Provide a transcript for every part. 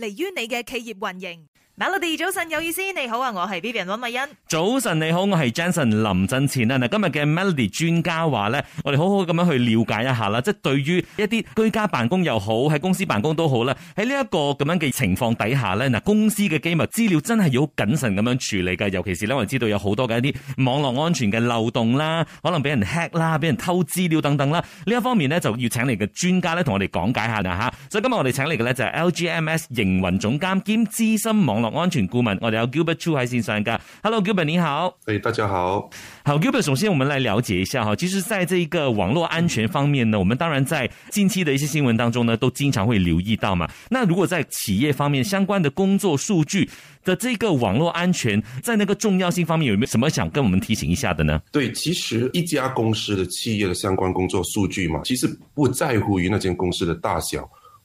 嚟於你嘅企業運營，Melody 早晨有意思，你好啊，我係 Vivian 溫慧欣。早晨你好，我係 Jenson 林振前啊！嗱，今日嘅 Melody 專家話咧，我哋好好咁樣去了解一下啦。即係對於一啲居家辦公又好，喺公司辦公都好咧，喺呢一個咁樣嘅情況底下咧，嗱，公司嘅機密資料真係要謹慎咁樣處理噶。尤其是咧，我哋知道有好多嘅一啲網絡安全嘅漏洞啦，可能俾人 hack 啦，俾人偷資料等等啦。呢一方面就要請嚟嘅專家咧，同我哋講解下吓。所以今日我哋請嚟嘅咧就係 LGMS 營營運總監兼資深網絡安全顧問，我哋有 Gilbert Chu 喺線上㗎。Hello，Gilbert，你好。誒，大家好。好，Gilbert，首先我們來了解一下哈。其實，在這一個網絡安全方面呢，我們當然在近期的一些新聞當中呢，都經常會留意到嘛。那如果在企業方面相關的工作數據的這個網絡安全，在那個重要性方面，有沒有什麼想跟我們提醒一下的呢？對，其實一家公司的企業的相關工作數據嘛，其實不在乎於那間公司的大小。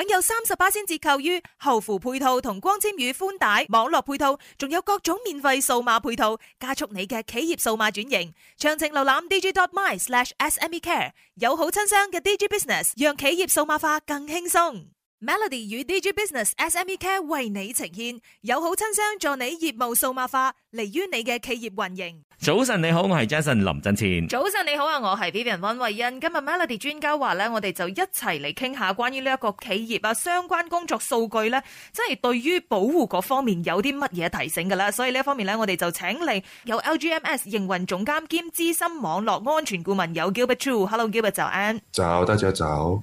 享有三十八巴仙折扣於後付配套同光纖與寬帶網絡配套，仲有各種免費數碼配套，加速你嘅企業數碼轉型。詳情瀏覽 digi.dot.my/sme-care，友有好親商嘅 Digi Business，讓企業數碼化更輕鬆。Melody 與 DG Business SME Care 為你呈現，友好親商，助你業務數碼化，利於你嘅企業運營。早晨你好，我係 Jason 林振千。早晨你好啊，我係 Vivian 温慧欣。今日 Melody 專家話咧，我哋就一齊嚟傾下關於呢一個企業啊相關工作數據咧，即係對於保護嗰方面有啲乜嘢提醒噶啦。所以呢一方面咧，我哋就請嚟有 LGMS 營運總監兼資深網絡安全顧問有 Gilbert Chu，Hello Gilbert 就安早得咗走。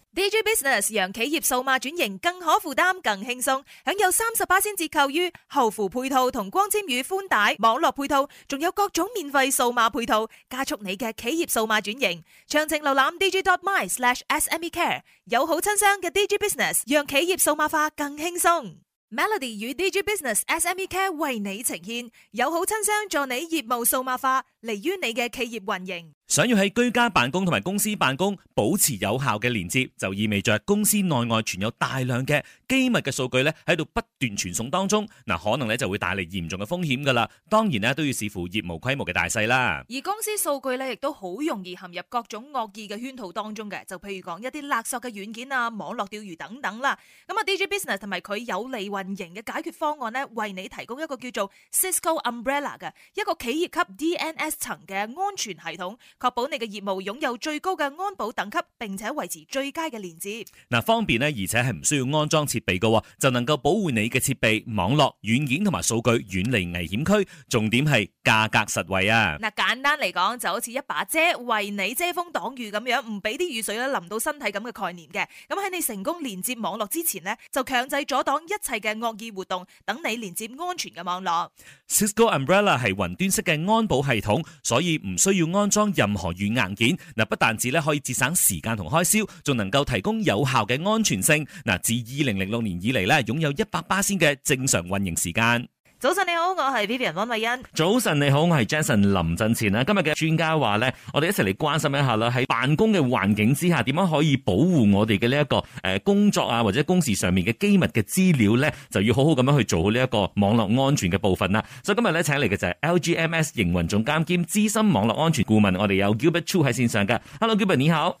Digi Business 讓企業數碼轉型更可負擔、更輕鬆，享有三十八巴仙折扣於後付配套同光纖與寬帶網絡配套，仲有各種免費數碼配套，加速你嘅企業數碼轉型。詳情瀏覽 Digi dot my slash S M E care，友好親商嘅 Digi Business 讓企業數碼化更輕鬆。Melody 與 Digi Business S M E care 為你呈現友好親商，助你業務數碼化。嚟於你嘅企業運營，想要喺居家辦公同埋公司辦公保持有效嘅連接，就意味着公司內外存有大量嘅機密嘅數據咧喺度不斷傳送當中，嗱，可能咧就會帶嚟嚴重嘅風險噶啦。當然咧都要視乎業務規模嘅大細啦。而公司數據咧亦都好容易陷入各種惡意嘅圈套當中嘅，就譬如講一啲勒索嘅軟件啊、網絡釣魚等等啦。咁啊，Digi Business 同埋佢有利運營嘅解決方案呢，為你提供一個叫做 Cisco Umbrella 嘅一個企業級 DNS。層嘅安全系統，確保你嘅業務擁有最高嘅安保等級，並且維持最佳嘅連接。嗱，方便咧，而且係唔需要安裝設備嘅，就能夠保護你嘅設備、網絡、軟件同埋數據遠離危險區。重點係價格實惠啊！嗱，簡單嚟講就好似一把遮，為你遮風擋雨咁樣，唔俾啲雨水咧淋到身體咁嘅概念嘅。咁喺你成功連接網絡之前呢，就強制阻擋一切嘅惡意活動，等你連接安全嘅網絡。Cisco Umbrella 係雲端式嘅安保系統。所以唔需要安裝任何軟硬件，嗱不但止咧可以節省時間同開銷，仲能夠提供有效嘅安全性。嗱，自二零零六年以嚟咧擁有一百巴仙嘅正常運營時間。早晨你好，我係 Vivian 溫慧欣。早晨你好，我係 Jason 林振前啦。今日嘅專家話咧，我哋一齊嚟關心一下啦。喺辦公嘅環境之下，點樣可以保護我哋嘅呢一個誒、呃、工作啊，或者公事上面嘅機密嘅資料咧，就要好好咁樣去做好呢一個網絡安全嘅部分啦。所以今日咧，請嚟嘅就係 LGMS 營運總監兼資深網絡安全顧問，我哋有 Gilbert Chu 喺線上噶。Hello，Gilbert，你好。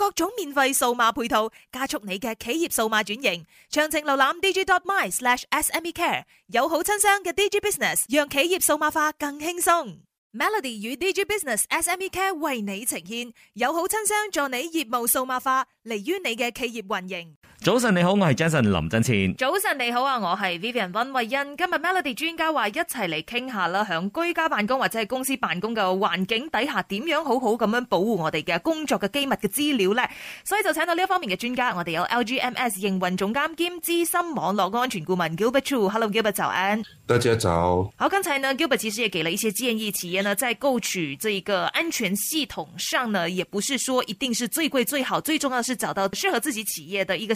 各種免費數碼配套，加速你嘅企業數碼轉型。詳情瀏覽 digi.my/sme-care，有好親商嘅 Digi Business，讓企業數碼化更輕鬆。Melody 與 Digi Business SME Care 為你呈現有好親商，助你業務數碼化，利於你嘅企業運營。早晨你好，我係 Jason 林振千。早晨你好啊，我係 Vivian 溫慧欣。今日 Melody 專家話一齊嚟傾下啦，響居家辦公或者係公司辦公嘅環境底下，點樣好好咁樣保護我哋嘅工作嘅機密嘅資料咧？所以就請到呢一方面嘅專家，我哋有 LGMS 營運總監兼資深網絡安全顧問 Gilbert Chu，Hello Gilbert，早安。多謝一早。好，剛才呢 Gilbert 其實也給了一些建議，企業呢在構築這個安全系統上呢，也不是說一定是最貴最好，最重要是找到適合自己企業嘅一個。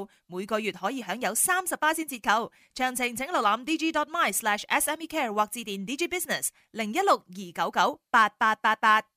每個月可以享有三十巴仙折扣，詳情請瀏覽 dg.my/smecare 或致電 DG Business 零一六二九九八八八八。